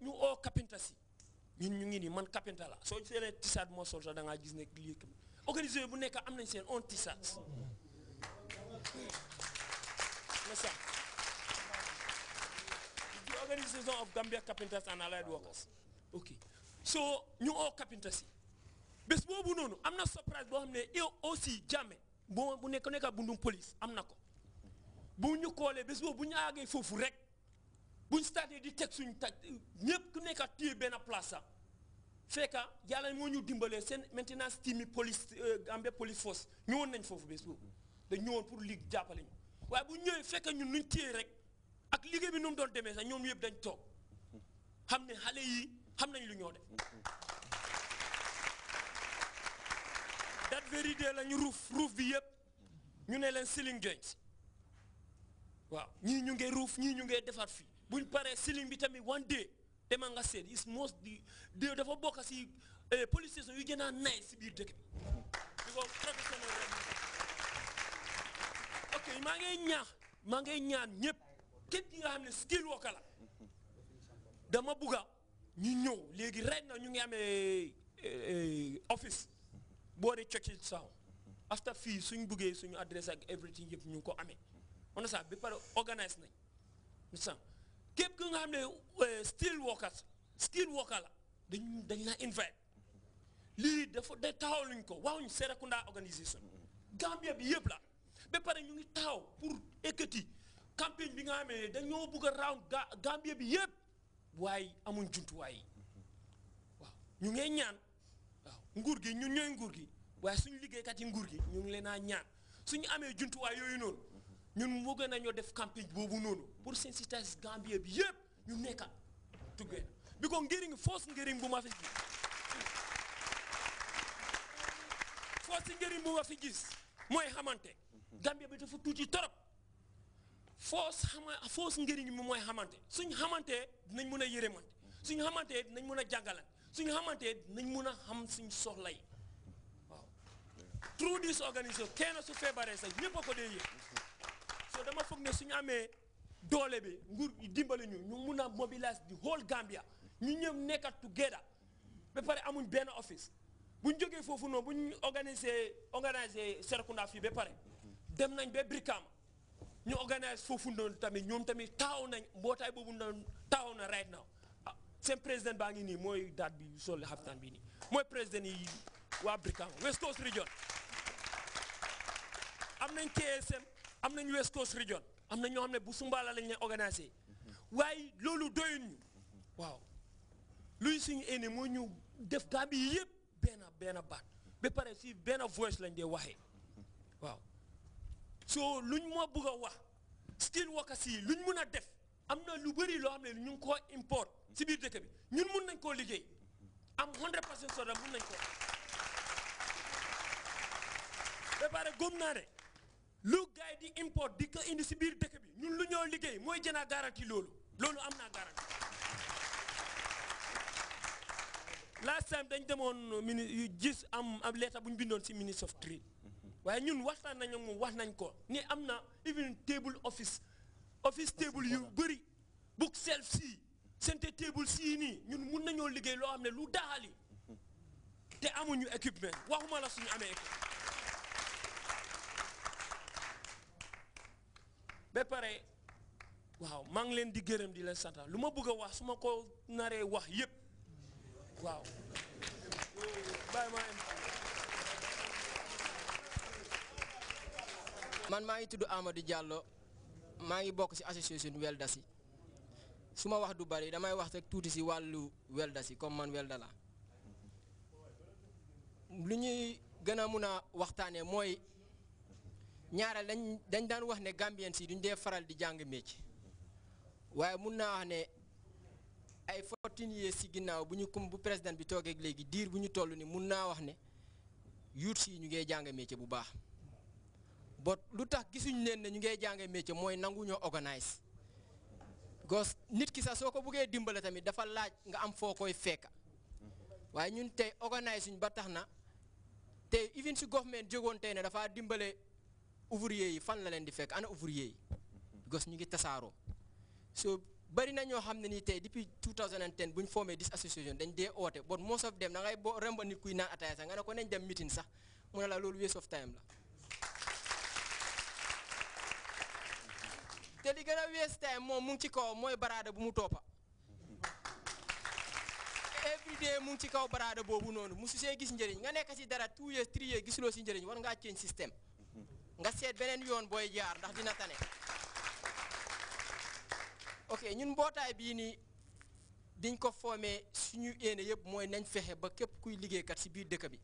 ñu oo kapinta si ñun ñu ngi nii man kapinta la soo seenee tisaat moo sol sax da ngaa gis ne lii organisé bu nekk am nañ seen on tisaat na sax the organisation of Gambia Carpenters and Allied Workers ok so ñu oo kapinta si bés boobu noonu am na surprise boo xam ne yow aussi jàmme boo bu nekk nekka bundum police am na ko bu ñu koolee bés boobu bu ñu àggee foofu rek buñ startee di teg suñu taj ñëpp ku nekk a téye benn place sax fekka yàlla moo ñu dimbalee seen maintenance team yi police euh, Gambia police force ñëwoon nañ foofu bés boobu dañ ñëwoon pour ligue jàppale ñu waaye bu ñëwee fekka ñun nuñ téye rek ak liggéey bi nu doon demee sax ñoom yëpp dañu toog xam ne xale yi xam nañ lu ñoo def dat very day lañu ruuf ruuf bi yëpp ñu ne leen ceiling joint waaw ñii ñu ngee ruuf ñii ñu ngee defar fii buñ paree ceiling bi tamit one day demal nga seet is most di de dafa bokk si eh, police station yu gën a nice si biir dëkk bi because professionnel ok maa ngay ñaax maa ngay ñaan ñëpp képp ki nga xam ne skill worker la dama bugga ñu ñëw léegi right now ñu ngi amee eh, eh, office boo dee Churchill Sound after fii suñ buggee suñu adresse ak everything yëpp ñu ngi ko amee on a ça ba pare organise nañ san képp ku nga amee ne euh, steel workers steel worker la dañ dañ laa invite lii dafa da taxaw luñ ko waxuñ Serekunda organisation Gambia bi yëpp la ba pare ñu ngi taxaw pour ekkati campagne bi nga amee dañoo bugg a round Gambia bi yëpp waaye amuñ jumtuwaay yi waaw ñu ngee ñaan waaw nguur gi ñun ñooy nguur gi waaye suñu liggéeykat yi nguur gi ñu ngi leen a ñaan ñu amee jumtuwaay yooyu noonu ñun wëgg nañoo def campagne boobu noonu pour sensitiser Gambia bi yëpp ñu nekka together because ngëriñ force ngëriñ bu ma fi gis force ngëriñ bu ma fi gis mooy xamante Gambia bi dafa tuuti torop force xama force ngëriñ bi mooy xamante suñ xamantee dinañ mën a yërëmante suñ xamantee dinañ mën jàngalan suñ xamantee dinañ mën xam suñ soxla waaw through this organisation kenn su feebaree sax ñëpp a ko dee so dama foog ne suñu amee doole bi nguur dimbali ñu ñu mun a mobiliser di whole Gambia ñu ñëw nekkat together ba pare amuñ benn office buñ jógee foofu noonu buñ organiser organiser Serekunda fii ba pare dem nañ ba Brikama ñu organise foofu noonu tamit ñoom tamit taaw nañ mbootaay boobu na taaw na right now ah, seen président baa ngi nii mooy daat bi sol xaftaan bi nii mooy président yi waa Brikama West Coast Region am nañ KSM am nañu West Coast region am na ñoo xam ne bu sumbaala lañ leen organisé waaye loolu doyul ñu waaw luy suñu ene moo ñu def Gàmbi yëpp benn benn baat ba pare si benn voice lañ dee waxee waaw so luñ moo bëgg a wax still workers yi luñ mun a def am na lu bari loo xam ne ñu ko import si biir dëkk bi ñun mun nañ koo liggéey am 100 pour mun nañ ko ba pare góom naa ne lu gars yi di import di ko indi si biir dëkk bi ñun lu ñoo liggéey mooy a garanti loolu loolu am naa garanti last time dañ demoon mini gis am am leeta bu ñu bindoon si ministre of trade waaye ñun waxtaan nañ ak moom wax nañ ko ni am na even table office office table yu bëri book self si sente table sii nii ñun mun nañoo liggéey loo xam ne lu daali te amuñu équipement waxuma la suñu amee équipement be pare waaw mang ngi di gërëm di len sant luma bëgg wax suma ko naré wax yépp waaw bàyyi maa man ma ngi tuddu Amadou Diallo ma ngi bok ci association weldasi suma wax du bari damay wax tak touti ci walu weldasi comme man weldala dala. lu ñuy gën a mun ñaareel dañ dañ daan wax ne Gambien si duñ dee faral di jàng métier waaye mun naa wax ne ay fourteen years si ginnaaw bu ñu comme bu président bi toogeeg léegi diir bu ñu toll ni mun naa wax ne yuut si ñu ngey jàng métier bu baax bot lu tax gisuñ leen ne ñu ngey jàng métier mooy nanguñoo organise because nit ki sax soo ko buggee dimbale tamit dafa laaj nga am foo koy fekk waaye ñun tey organise suñ ba tax na te even si government jógoon tey ne dafa dimbale ouvrier yi fan la leen di fekk ana ouvrier yi gos ñu ngi tasaaroo so bari na ñoo xam ne ni tey depuis 2010 bu ñu formé this association dañ dee oote bon most of dem da ngay boo remba nit kuy naan ataaya sax nga ne ko nañ dem meeting sax mu ne la loolu waste of time la te li gën a waste time moom mu ci kaw mooy baraada bu mu toppa every day mu ngi ci kaw baraada boobu noonu musu see gis njëriñ nga nekk si dara two years three years gisuloo si njëriñ war ngaa change système nga seet beneen yoon booy jaar ndax dina tane ok ñun mbootaay bii nii diñ ko foomee suñu yéene yëpp mooy nañ fexe ba képp kuy liggéeykat ci biir dëkk bi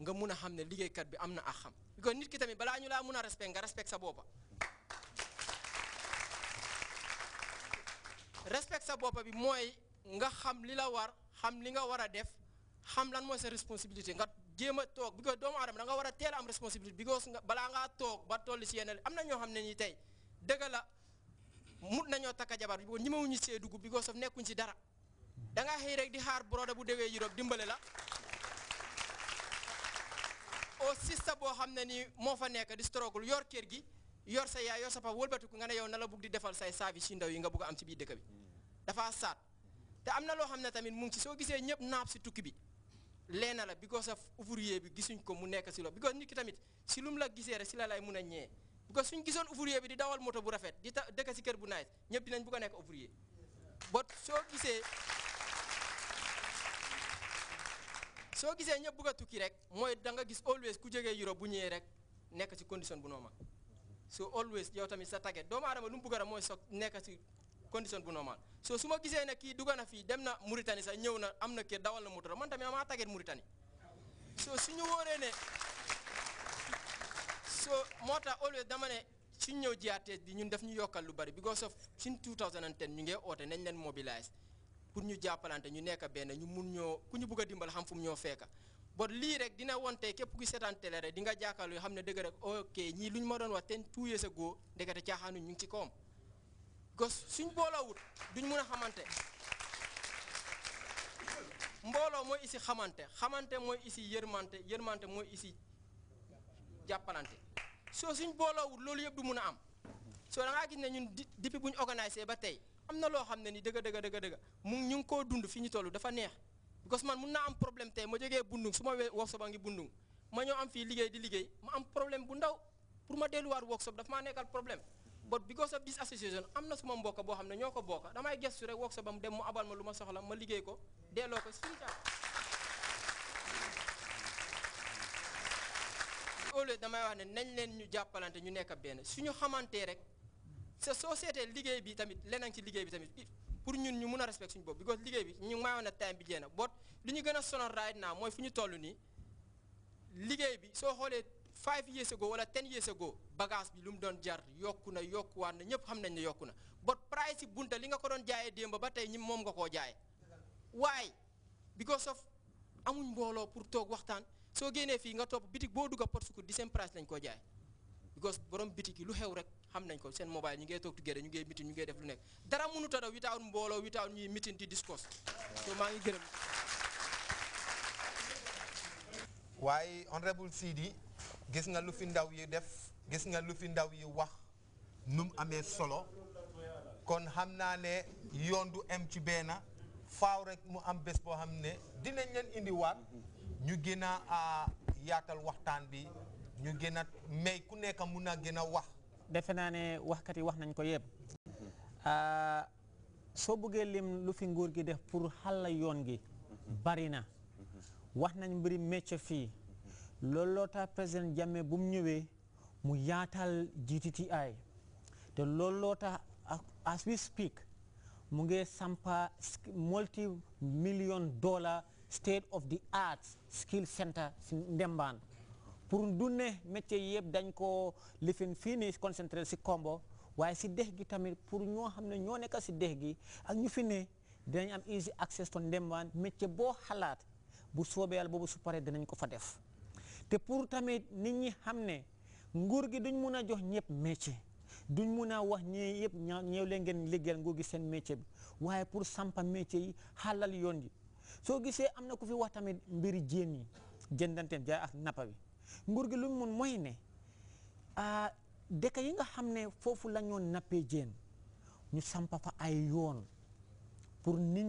nga mun a xam ne liggéeykat bi am na ak xam kon nit ki tamit balaa ñu laa mun a respect nga respect sa boppa respect sa boppa bi mooy nga xam li la war xam li nga war a def xam lan mooy sa responsabilité tok bi because doomu adam da nga wara a am responsibility because bala nga tok ba toll ci yenal amna ño xamne ni tay deug la mut nañoo takka jabar bi because ñemewuñu see bi ko of nekkun ci dara da nga xey rek di xaar broda bu dewe Europe dimbalé la o sista bo xamne ni mo fa nekk di struggle yor kër gi yor sa yaay yor sa wolbatu ko nga ne yow na la di defal say service ci ndaw yi nga bugg a am ci bi dëkk bi dafa sat te amna lo xamne tamit mu ngi ci so gisee ñëpp naab ci tukki bi leena la bi ko sa ouvrier bi gisuñ ko mu nekk si lo bi nit ki tamit si lu la gisee rek si la lay mun a ñee suñ gisoon ouvrier bi di dawal moto bu rafet di ta dëkk si kër bu naaj ñëpp dinañ bu ko nekk ouvrier bot soo gisee soo gisee ñëpp bëgg tukki rek da nga gis always ku jógee Europe bu ñëwee rek nekk condition bu so always yow tamit sa tagge doomu buka lu mu bëgg a nekk condition bu normal so su ma gisee ne kii dugg na fii dem na Mauritanie sax ñëw na am na kër dawal na moto man tamit amaa tàgget Mauritanie so suñu wóoree ne so moo tax always dama ne suñ ñëw GRTS bi ñu def ñu yokkal lu bari because of suñ 2010 ñu ngee oote nañ leen mobilize pour ñu jàppalante ñu nekk benn ñu mun ñoo ku ñu bugg a dimbal xam fu mu ñoo fekka bon lii rek dina wonte képp ku seetaan télé rek di nga jàkkaarloo yoo xam ne dëgg rek ok ñii lu ñu ma doon wax ten two years ago ndekete caaxaanu ñu ngi ci koom gos suñ booloowut duñ mun a xamante mbooloo mooy isi xamante xamante mooy isi yërmante yërmante mooy isi jàppalante soo suñ booloowut loolu yëpp du mun a am soo da ngaa gis ne ñun depuis bu ñu organisé ba tey am na loo xam ne ni dëgg dëgg dëgg mu ñu ngi koo dund fi ñu toll dafa neex because man mun naa am problème tey ma jógee bundung su ma we workshop a ngi bundung ma ñoo am fii liggéey di liggéey ma am problème bu ndaw pour ma delluwaat workshop dafa maa nekkal problème but because of this association am na suma mbokk boo xam ne ñoo ko bokk damay gestu rek woog sa ba mu dem mu abal ma lu ma soxla ma liggéey ko delloo ko suñu au lieu ne nañ leen ñu jàppalante ñu nekk benn suñu xamantee rek sa soo seetee liggéey bi tamit leneen ci liggéey bi tamit pour ñun ñu mun a respect suñu bopp because liggéey bi ñu maayoon na time bi jeex na bot li ñu gën a sonal right mooy fu ñu toll nii liggéey bi soo xoolee five years ago wala ten years ago bagage bi lu mu doon jar yokku na yokkuwaat na ñëpp xam nañ ne yokku na but price yi bunta li nga ko doon jaayee démb ba tey ñi moom nga koo jaayee waaye because of amuñ mbooloo pour toog waxtaan soo génnee fii nga topp bitik boo dugg a pot sukkur di seen price lañ koo jaay because borom bitik yi lu xew rek xam nañ ko seen mobile ñu ngey toog together ñu ngey meeting ñu ngey def lu nekk dara mënut a daw without mbooloo without ñuy meeting di discuss so maa ngi gërëm waaye honorable Sidi gis nga lu fi ndaw yi def gis nga lu fi ndaw yi wax nu mu amee solo kon xam naa ne yoon du em ci benn faaw rek mu am bés boo xam ne dinañ leen indiwaat ñu gën a yaatal waxtaan bi ñu gën a may ku nekk mun a gën a wax. defe naa ne waxkat yi wax nañ ko yëpp mhm. ah, soo bëggee lim lu fi nguur gi def pour xàll yoon gi bari na mhm. wax nañ mbiri métier fii. loolu loo tax président Jammeh bu mu ñëwee mu yaatal GTTI te loolu loo tax as we speak mu ngi sampa multi million dollar state of the arts skill center si Ndembaan pour du ne métier yëpp dañ ko lifin fii nii si Kombo waaye si dex gi tamit pour ñoo xam ne ñoo nekk si dex gi ak ñu fi ne dinañ am easy access to Ndembaan métier boo xalaat bu soobee boobu su paree dinañ ko fa def te pour tamit nit ñi xam ne nguur gi duñ mun a jox ñëpp métier duñ mun a wax ñii yëpp ña ñëw leen ngeen liggéeyal nguur gi seen métier bi waaye pour sampa métier yi xalal yoon yi soo gisee am na ku fi wax tamit mbiri jéen yi jëndanteem jaay ak nappa bi nguur gi lu mun mooy ne ah dëkk yi nga xam ne foofu la nappee jéen ñu sampa fa ay yoon pour nit